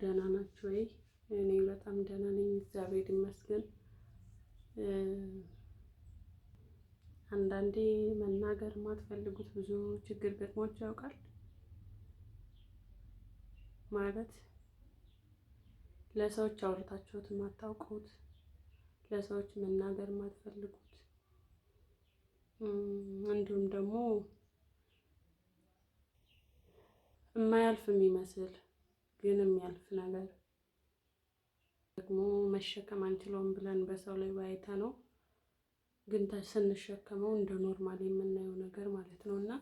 ደህና ናችሁ ወይ? እኔ በጣም ደህና ነኝ፣ እግዚአብሔር ይመስገን። አንዳንዴ መናገር የማትፈልጉት ብዙ ችግር ገጥሟችሁ ያውቃል? ማለት ለሰዎች አውርታችሁት የማታውቁት ለሰዎች መናገር የማትፈልጉት እንዲሁም ደግሞ የማያልፍ የሚመስል ግን የሚያልፍ ነገር ደግሞ መሸከም አንችለውም ብለን በሰው ላይ ባይተ ነው ግን ስንሸከመው እንደ ኖርማል የምናየው ነገር ማለት ነው። እና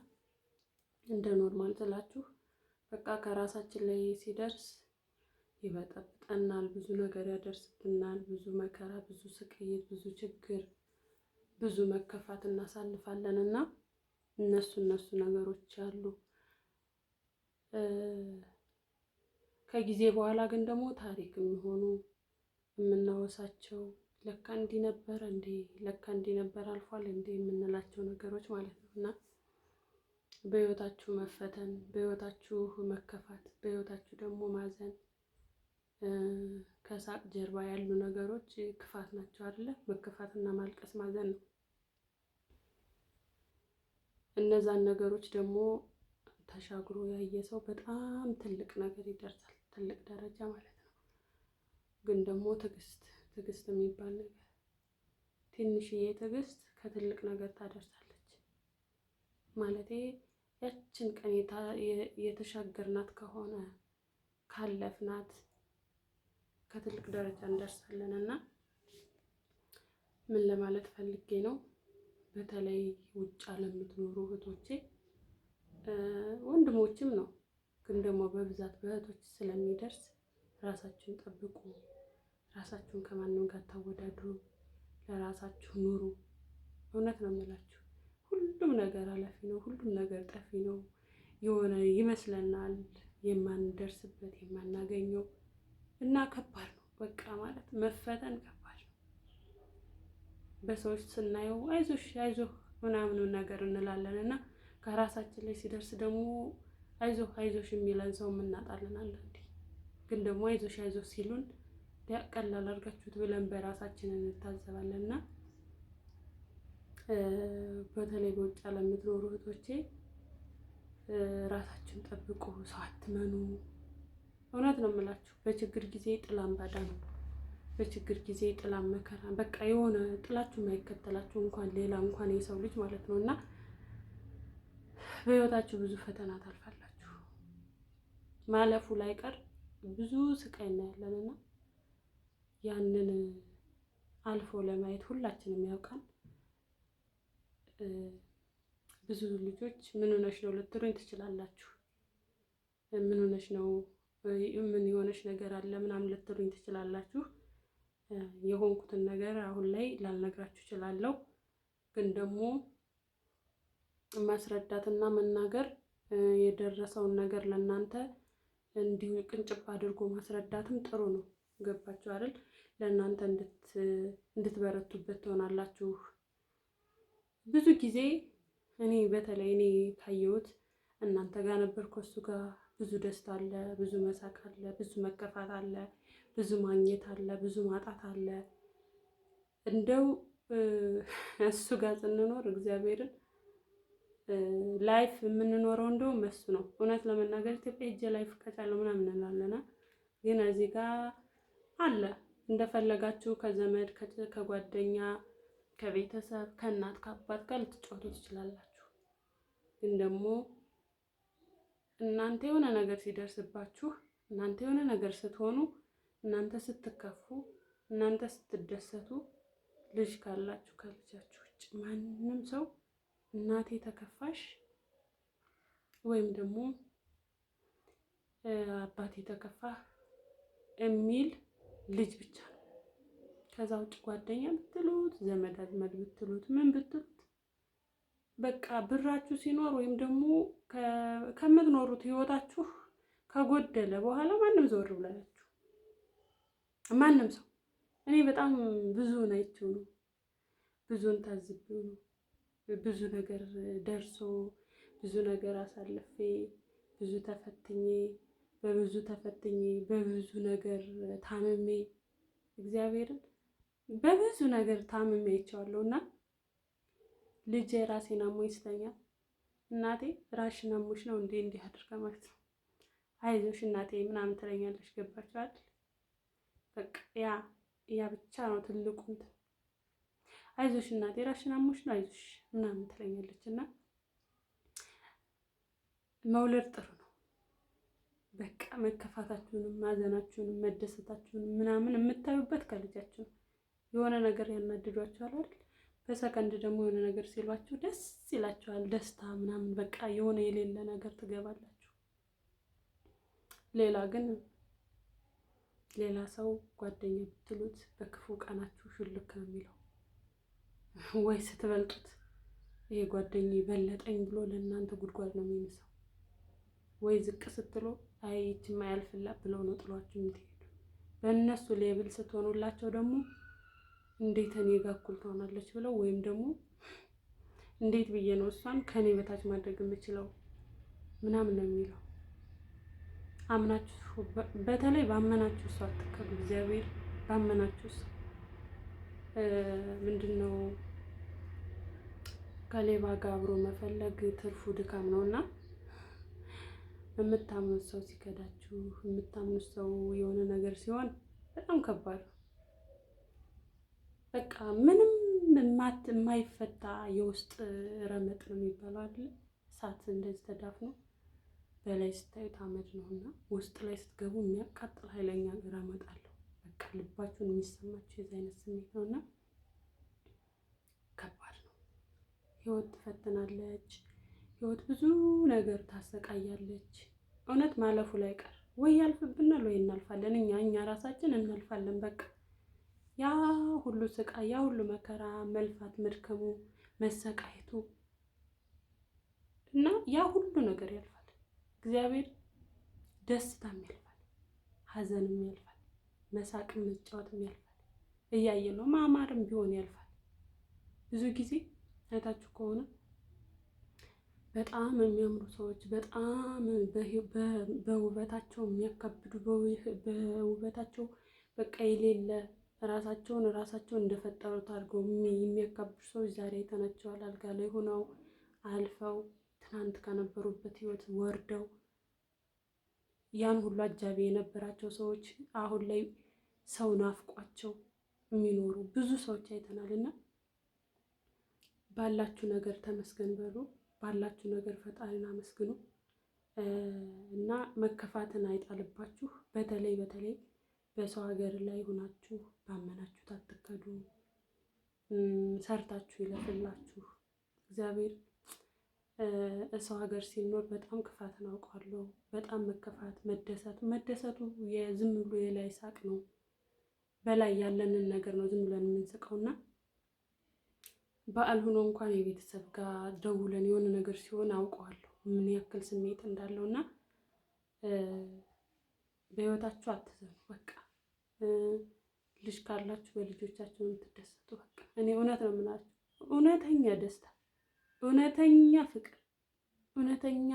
እንደ ኖርማል ስላችሁ በቃ ከራሳችን ላይ ሲደርስ ይበጠብጠናል፣ ብዙ ነገር ያደርስብናል፣ ብዙ መከራ፣ ብዙ ስቅይት፣ ብዙ ችግር፣ ብዙ መከፋት እናሳልፋለን እና እነሱ እነሱ ነገሮች አሉ። ከጊዜ በኋላ ግን ደግሞ ታሪክ የሚሆኑ የምናወሳቸው ለካ እንዲህ ነበር እንዴ ለካ እንዲህ ነበር አልፏል እንዴ የምንላቸው ነገሮች ማለት ነው እና በህይወታችሁ መፈተን፣ በህይወታችሁ መከፋት፣ በህይወታችሁ ደግሞ ማዘን ከሳቅ ጀርባ ያሉ ነገሮች ክፋት ናቸው አይደለ? መከፋትና ማልቀስ ማዘን ነው። እነዛን ነገሮች ደግሞ ተሻግሮ ያየ ሰው በጣም ትልቅ ነገር ይደርሳል። ትልቅ ደረጃ ማለት ነው። ግን ደግሞ ትዕግስት ትዕግስት የሚባል ነገር ትንሽዬ ትዕግስት ከትልቅ ነገር ታደርሳለች። ማለቴ ያችን ቀን የተሻገርናት ከሆነ ካለፍናት ከትልቅ ደረጃ እንደርሳለን እና ምን ለማለት ፈልጌ ነው፣ በተለይ ውጭ ዓለም የምትኖሩ እህቶቼ ወንድሞችም ነው ግን ደግሞ በብዛት በእህቶች ስለሚደርስ ራሳችሁን ጠብቁ። ራሳችሁን ከማንም ጋር ታወዳድሩ። ለራሳችሁ ኑሩ። እውነት ነው የምላችሁ። ሁሉም ነገር አላፊ ነው። ሁሉም ነገር ጠፊ ነው። የሆነ ይመስለናል የማንደርስበት የማናገኘው እና ከባድ ነው። በቃ ማለት መፈተን ከባድ ነው። በሰዎች ስናየው አይዞሽ አይዞህ ምናምኑ ነገር እንላለን እና ከራሳችን ላይ ሲደርስ ደግሞ አይዞ አይዞሽ የሚለን ሰው የምናጣለን አንዳንዴ። ግን ደግሞ አይዞሽ አይዞ ሲሉን ቀላል አድርጋችሁት ብለን በራሳችን እንታዘባለን እና በተለይ በውጭ ዓለም የምትኖሩ እህቶቼ ራሳችን ጠብቁ፣ ሰው አትመኑ። እውነት ነው የምላችሁ። በችግር ጊዜ ጥላም ባዳ ነው። በችግር ጊዜ ጥላ መከራ፣ በቃ የሆነ ጥላችሁ የማይከተላችሁ እንኳን ሌላ እንኳን የሰው ልጅ ማለት ነው እና በህይወታችሁ ብዙ ፈተና ማለፉ ላይቀር ብዙ ስቃይ እናያለን እና ያንን አልፎ ለማየት ሁላችንም ያውቃል። ብዙ ልጆች ምን ሆነሽ ነው ልትሉኝ ትችላላችሁ። ምን ሆነሽ ነው፣ ምን የሆነሽ ነገር አለ ምናምን ልትሉኝ ትችላላችሁ። የሆንኩትን ነገር አሁን ላይ ላልነግራችሁ እችላለሁ፣ ግን ደግሞ ማስረዳትና መናገር የደረሰውን ነገር ለእናንተ እንዲሁ ቅንጭብ አድርጎ ማስረዳትም ጥሩ ነው። ገባችሁ አይደል? ለእናንተ እንድትበረቱበት ትሆናላችሁ። ብዙ ጊዜ እኔ በተለይ እኔ ታየውት እናንተ ጋር ነበር። ከሱ ጋር ብዙ ደስታ አለ፣ ብዙ መሳቅ አለ፣ ብዙ መከፋት አለ፣ ብዙ ማግኘት አለ፣ ብዙ ማጣት አለ። እንደው እሱ ጋር ስንኖር እግዚአብሔርን ላይፍ የምንኖረው እንደውም እሱ ነው። እውነት ለመናገር ኢትዮጵያ እጄ ላይፍ ከቻለው ምናምን እንላለና ግን እዚህ ጋር አለ እንደፈለጋችሁ ከዘመድ ከጓደኛ ከቤተሰብ ከእናት ከአባት ጋር ልትጫወቱ ትችላላችሁ። ግን ደግሞ እናንተ የሆነ ነገር ሲደርስባችሁ፣ እናንተ የሆነ ነገር ስትሆኑ፣ እናንተ ስትከፉ፣ እናንተ ስትደሰቱ ልጅ ካላችሁ ከልጃችሁ ውጭ ማንም ሰው እናቴ ተከፋሽ ወይም ደግሞ አባቴ ተከፋ የሚል ልጅ ብቻ ነው። ከዛ ውጭ ጓደኛ ብትሉት ዘመድ አዝመድ ብትሉት ምን ብትሉት በቃ ብራችሁ ሲኖር ወይም ደግሞ ከምትኖሩት ህይወታችሁ ከጎደለ በኋላ ማንም ዘወር ብላላችሁ ማንም ሰው እኔ በጣም ብዙውን አይቼው ነው ብዙውን ታዝቤው ነው ብዙ ነገር ደርሶ ብዙ ነገር አሳልፌ ብዙ ተፈትኜ በብዙ ተፈትኜ በብዙ ነገር ታምሜ እግዚአብሔርን በብዙ ነገር ታምሜ አይቼዋለሁ እና ልጅ ራሴን አሞኝ ይስተኛል። እናቴ ራሽን አሞሽ ነው እንዴ እንዲህ አድርጋ ማለት ነው አይዞሽ እናቴ ምናምን ትለኛለች። ገባችኋል? በቃ ያ ያ ብቻ ነው ትልቁ አይዞሽ እናቴ ራሽን አሞሽ ነው አይዞሽ ምናምን ትለኛለች። እና መውለድ ጥሩ ነው። በቃ መከፋታችሁንም፣ ማዘናችሁንም፣ መደሰታችሁንም ምናምን የምታዩበት ከልጃችሁ የሆነ ነገር ያናድዷችኋል አይደል? በሰከንድ ደግሞ የሆነ ነገር ሲሏችሁ ደስ ይላችኋል። ደስታ ምናምን በቃ የሆነ የሌለ ነገር ትገባላችሁ። ሌላ ግን ሌላ ሰው ጓደኛ ብትሉት በክፉ ቀናችሁ ሹልክ ነው የሚለው። ወይ ስትበልጡት ይሄ ጓደኛ በለጠኝ ብሎ ለእናንተ ጉድጓድ ነው የሚመሳው። ወይ ዝቅ ስትሎ አይ ማያልፍላ ብሎ ብለው ነው ጥሏችሁ የምትሄዱ። በእነሱ ሌብል ስትሆኑላቸው ደግሞ እንዴት እኔ ጋር እኩል ትሆናለች ብለው ወይም ደግሞ እንዴት ብዬ ነው እሷን ከኔ በታች ማድረግ የምችለው ምናምን ነው የሚለው። አምናችሁ በተለይ ባመናችሁ እሷ አትከሉ። እግዚአብሔር ባመናችሁ እሷ ምንድን ነው ከሌባ ጋር አብሮ መፈለግ ትርፉ ድካም ነው እና የምታምኑት ሰው ሲከዳችሁ፣ የምታምኑት ሰው የሆነ ነገር ሲሆን በጣም ከባድ ነው። በቃ ምንም የማይፈታ የውስጥ ረመጥ ነው የሚባለው አይደለ? እሳት እንደዚህ ተዳፍኖ በላይ ስታዩት አመድ ነው እና ውስጥ ላይ ስትገቡ የሚያቃጥል ኃይለኛ አለ። በቃ ልባችሁን የሚሰማችሁ የዚ አይነት ስሜት ነው እና ከባድ ነው። ህይወት ትፈትናለች። ህይወት ብዙ ነገር ታሰቃያለች። እውነት ማለፉ ላይ ቀር ወይ ያልፍብናል ወይ እናልፋለን። እኛ እኛ ራሳችን እናልፋለን። በቃ ያ ሁሉ ስቃይ፣ ያ ሁሉ መከራ፣ መልፋት፣ መድከሙ፣ መሰቃየቱ እና ያ ሁሉ ነገር ያልፋል። እግዚአብሔር ደስታም ያልፋል፣ ሀዘንም ያልፋል። መሳቅም መጫወትም ያልፋል። እያየን ነው። ማማርም ቢሆን ያልፋል። ብዙ ጊዜ አይታችሁ ከሆነ በጣም የሚያምሩ ሰዎች በጣም በውበታቸው የሚያካብዱ በውበታቸው በቃ የሌለ ራሳቸውን ራሳቸውን እንደፈጠሩት አድርገው የሚያካብዱ ሰዎች ዛሬ አይተናቸዋል። አልጋ ላይ ሆነው አልፈው ትናንት ከነበሩበት ህይወት ወርደው ያን ሁሉ አጃቢ የነበራቸው ሰዎች አሁን ላይ ሰው ናፍቋቸው የሚኖሩ ብዙ ሰዎች አይተናል እና ባላችሁ ነገር ተመስገን በሉ። ባላችሁ ነገር ፈጣሪን አመስግኑ እና መከፋትን አይጣልባችሁ። በተለይ በተለይ በሰው ሀገር ላይ ሆናችሁ ባመናችሁ ታትከዱ፣ ሰርታችሁ ይለፍላችሁ። እግዚአብሔር ሰው ሀገር ሲኖር በጣም ክፋትን አውቃለሁ። በጣም መከፋት፣ መደሰት መደሰቱ የዝም ብሎ የላይ ሳቅ ነው። በላይ ያለንን ነገር ነው ዝም ብለን እና በዓል ሆኖ እንኳን የቤተሰብ ጋር ደውለን የሆነ ነገር ሲሆን አውቀዋለሁ ምን ያክል ስሜት እንዳለው እና በህይወታችሁ አትዘኑ። በቃ ልጅ ካላችሁ በልጆቻችሁ የምትደሰቱ በቃ እኔ እውነት ነው የምላችሁ፣ እውነተኛ ደስታ፣ እውነተኛ ፍቅር፣ እውነተኛ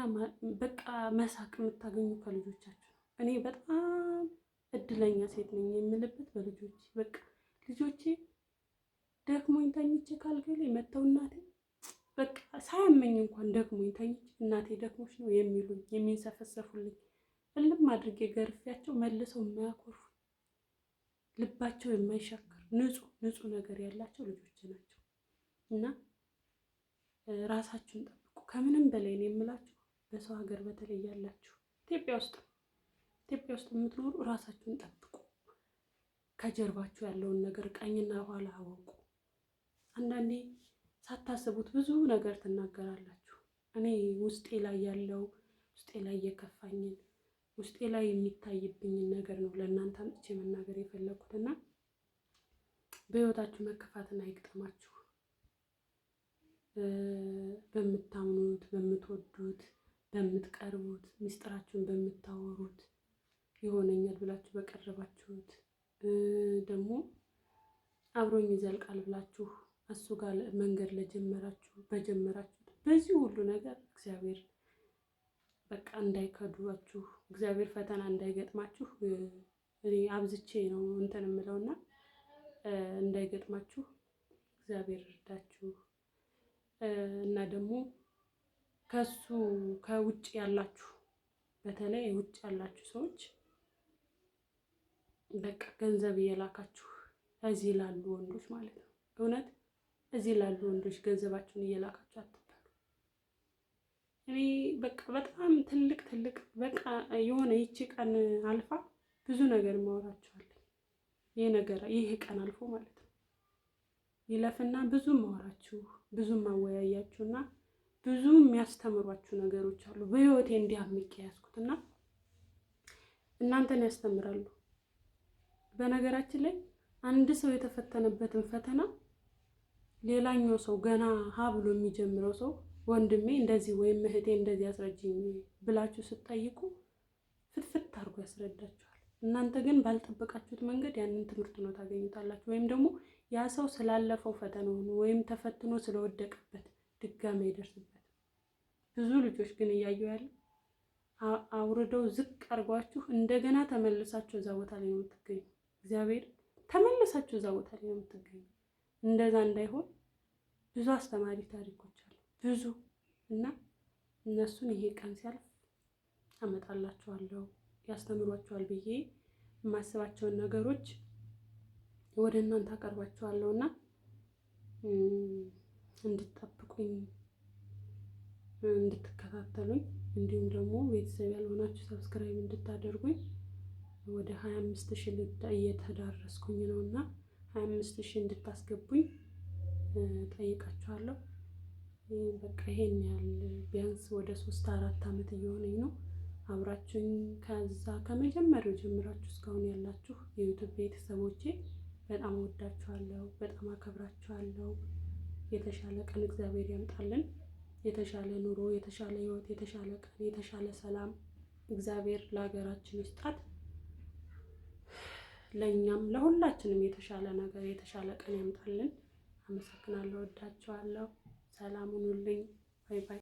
በቃ መሳቅ የምታገኙ ከልጆቻችሁ ነው። እኔ በጣም እድለኛ ሴት ነኝ የምልበት በልጆች በቃ ልጆቼ ደክሞኝ ተኝቼ ካልገሌ መጥተው እናቴ በቃ ሳያመኝ እንኳን ደክሞኝ ተኝቼ እናቴ ደክሞች ነው የሚሉኝ የሚንሰፈሰፉልኝ እልም አድርጌ ገርፊያቸው መልሰው የማያኮርፉ ልባቸው የማይሻክር ንጹህ ንጹህ ነገር ያላቸው ልጆች ናቸው እና ራሳችሁን ጠብቁ። ከምንም በላይ ነው የምላችሁ በሰው ሀገር በተለይ ያላችሁ ኢትዮጵያ ውስጥ ኢትዮጵያ ውስጥ የምትኖሩ እራሳችሁን ጠብቁ። ከጀርባችሁ ያለውን ነገር ቀኝና ኋላ አወቁ። አንዳንዴ ሳታስቡት ብዙ ነገር ትናገራላችሁ። እኔ ውስጤ ላይ ያለው ውስጤ ላይ እየከፋኝን ውስጤ ላይ የሚታይብኝን ነገር ነው ለእናንተ አምጥቼ መናገር የፈለኩት እና መከፋትን አይግጠማችሁ። በምታምኑት፣ በምትወዱት፣ በምትቀርቡት፣ ምስጢራችሁን በምታወሩት ይሆነኛል ብላችሁ በቀረባችሁት ደግሞ አብሮኝ ይዘልቃል ብላችሁ እሱ ጋር መንገድ ለጀመራችሁ በጀመራችሁት በዚህ ሁሉ ነገር እግዚአብሔር በቃ እንዳይከዱችሁ እግዚአብሔር ፈተና እንዳይገጥማችሁ እኔ አብዝቼ ነው እንትን የምለውና እንዳይገጥማችሁ እግዚአብሔር እርዳችሁ እና ደግሞ ከሱ ከውጭ ያላችሁ በተለይ ውጭ ያላችሁ ሰዎች በቃ ገንዘብ እየላካችሁ እዚህ ላሉ ወንዶች ማለት ነው። እውነት እዚህ ላሉ ወንዶች ገንዘባችሁን እየላካችሁ አትበሉ። እኔ በቃ በጣም ትልቅ ትልቅ በቃ የሆነ ይቺ ቀን አልፋ ብዙ ነገር ማወራችኋለን። ይህ ነገር ይህ ቀን አልፎ ማለት ነው ይለፍና ብዙ ማወራችሁ ብዙ ማወያያችሁ እና ብዙ የሚያስተምሯችሁ ነገሮች አሉ። በህይወቴ እንዲህ አምቄ ያዝኩትና እናንተን ያስተምራሉ በነገራችን ላይ አንድ ሰው የተፈተነበትን ፈተና ሌላኛው ሰው ገና ሀ ብሎ የሚጀምረው ሰው ወንድሜ እንደዚህ ወይም እህቴ እንደዚህ ያስረጅኝ ብላችሁ ስትጠይቁ ፍትፍት አድርጎ ያስረዳችኋል። እናንተ ግን ባልጠበቃችሁት መንገድ ያንን ትምህርት ነው ታገኙታላችሁ። ወይም ደግሞ ያ ሰው ስላለፈው ፈተናውን ወይም ተፈትኖ ስለወደቀበት ድጋሚ ይደርስበት። ብዙ ልጆች ግን እያዩ ያለ አውርደው ዝቅ አድርጓችሁ እንደገና ተመልሳችሁ እዛ ቦታ ላይ ነው የምትገኙ። እግዚአብሔር ተመለሳችሁ እዛ ቦታ ላይ ነው የምትገኙ። እንደዛ እንዳይሆን ብዙ አስተማሪ ታሪኮች አሉ ብዙ እና እነሱን ይሄ ቀን ሲያልፍ አመጣላችኋለሁ ያስተምሯችኋል ብዬ የማስባቸውን ነገሮች ወደ እናንተ አቀርባችኋለሁ እና እንድትጠብቁኝ እንድትከታተሉኝ እንዲሁም ደግሞ ቤተሰብ ያልሆናችሁ ሰብስክራይብ እንድታደርጉኝ ወደ 25 ሺህ እየተዳረስኩኝ ነው እና 25 ሺህ እንድታስገቡኝ ጠይቃችኋለሁ። በቃ ይሄን ያህል ቢያንስ ወደ ሶስት አራት ዓመት እየሆነኝ ነው አብራችሁኝ ከዛ ከመጀመሪያው ጀምራችሁ እስካሁን ያላችሁ የዩቱብ ቤተሰቦቼ በጣም ወዳችኋለሁ፣ በጣም አከብራችኋለሁ። የተሻለ ቀን እግዚአብሔር ያምጣልን። የተሻለ ኑሮ፣ የተሻለ ህይወት፣ የተሻለ ቀን፣ የተሻለ ሰላም እግዚአብሔር ለሀገራችን ይስጣት። ለእኛም ለሁላችንም የተሻለ ነገር የተሻለ ቀን ያምጣልን። አመሰግናለሁ። ወዳችኋለሁ። ሰላም ሁኑልኝ። ባይ ባይ